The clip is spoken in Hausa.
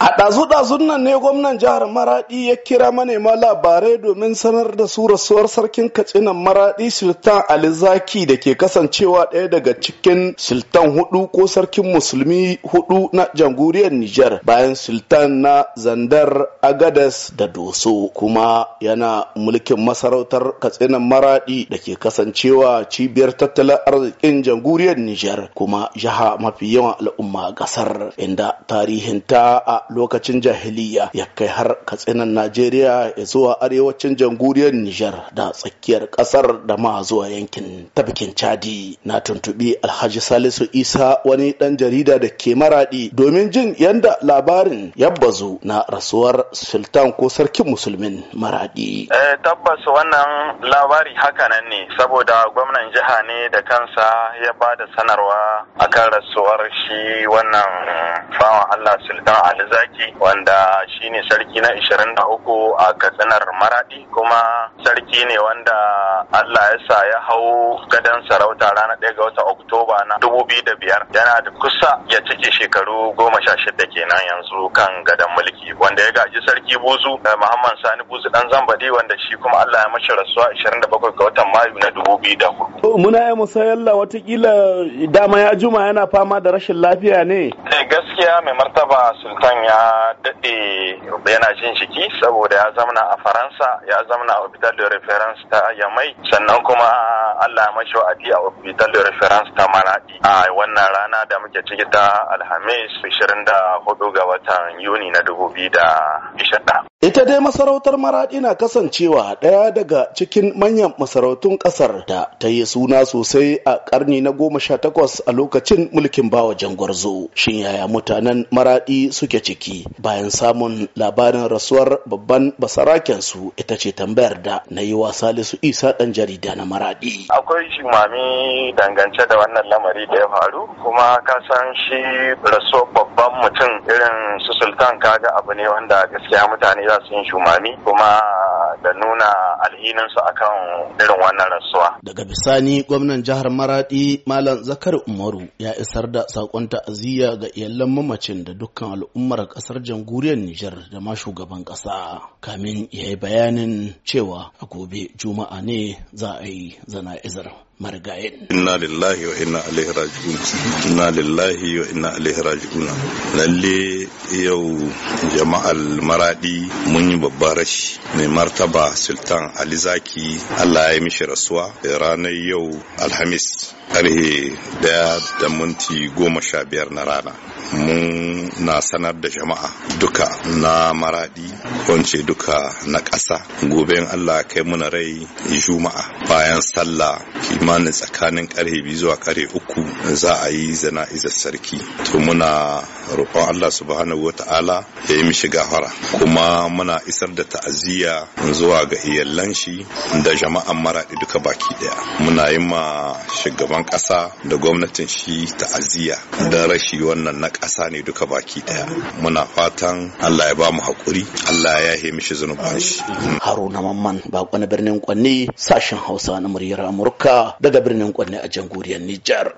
A ɗazu-ɗazun nan ne gwamnan jihar Maraɗi ya kira manema labarai domin sanar da su rasuwar sarkin katsinan Maraɗi Sultan Ali Zaki da ke kasancewa ɗaya daga cikin Sultan hudu ko sarkin musulmi hudu na jamhuriyar Nijar bayan Sultan na Zandar Agadas da Doso kuma yana mulkin masarautar katsinan Maraɗi da ke kasancewa cibiyar tattalin arzikin jamhuriyar Nijar kuma jiha mafi yawan al'umma a ƙasar inda tarihinta a lokacin jahiliya ya kai har katsinan najeriya ya zuwa arewacin jamhuriyar nijar da tsakiyar kasar da ma zuwa yankin tafkin chadi na tuntubi alhaji salisu isa wani dan jarida da ke maradi domin jin yanda labarin ya bazu na rasuwar sultan ko sarkin musulmin maradi eh, tabbas wannan labari hakanan ne saboda gwamnan jiha ne da kansa ya ba da sanarwa akan rasuwar shi wannan fama allah sultan aliza zaki wanda ne sarki na 23 a katsinar maradi kuma sarki ne wanda Allah ya sa ya hau gadon sarauta ranar 1 ga wata Oktoba dubu biyu da biyar yana da kusa ya cike shekaru goma sha shida kenan yanzu kan gadon mulki wanda ya gaji sarki buzu eh, muhammad sani buzu dan zambadi wanda shi kuma allah ya mashi rasuwa ashirin da bakwai ga watan mayu na dubu biyu da hudu. muna yi musayalla watakila dama ya juma yana fama da rashin lafiya ne. Eh, gaskiya mai martaba sultan ya daɗe yana jin jiki saboda ya zamana a faransa ya zamana a hospital de reference ta yamai sannan kuma allah ya mashi wa a hospital de reference ta manadi. a wannan rana da muke ciki ta alhamis 24 ga watan yuni na 2021 Ita dai masarautar Maraɗi na kasancewa ɗaya daga cikin manyan masarautun ƙasar da ta yi suna sosai a ƙarni na goma sha takwas a lokacin mulkin bawa jangwarzo. Shin yaya mutanen Maraɗi suke ciki bayan samun labarin rasuwar babban basaraken su ita ce tambayar da na yi wa Salisu Isa ɗan jarida na Maraɗi. Akwai shimami dangance da wannan lamari da ya faru kuma ka san shi rasuwar babban mutum irin su sultan kaga abu ne wanda gaskiya mutane za su yin shumami kuma da nuna alhininsu akan irin wannan rasuwa. Daga bisani gwamnan jihar Maradi Malam Zakar Umaru ya isar da sakon ta'aziyya ga iyalan mamacin da dukkan al'ummar kasar jamhuriyar Nijar da ma shugaban kasa. Kamin ya yi bayanin cewa a gobe Juma'a ne za a yi zana'izar. marigayin. Inna lillahi wa inna alaihi raji'un. Inna lillahi wa inna alaihi raji'un. Lalle yau jama'al maradi mun yi babban rashi mai martaba Sultan Ali Zaki Allah ya mishi rasuwa ranar yau Alhamis karhe daya da minti goma sha biyar na rana. Mun na sanar da jama'a duka na maradi wance duka na ƙasa gobe in Allah kai muna rai juma'a bayan sallah kimanin tsakanin karhe biyu zuwa karhe uku za a yi izar sarki to muna roƙon Allah subhanahu wa ta'ala ya yi mishi gafara kuma muna isar da ta'aziyya zuwa ga iyalan shi da jama'an maraɗi duka baki ɗaya muna yi ma shugaban ƙasa da gwamnatin shi ta'aziyya da rashi wannan na ƙasa ne duka baki ɗaya muna fatan Allah ya ba mu hakuri, Allah ya yi mishi zunuban shi Haruna Mamman bako na birnin Kwanne sashen Hausa na muryar Amurka daga birnin Kwanne a jamhuriyar Nijar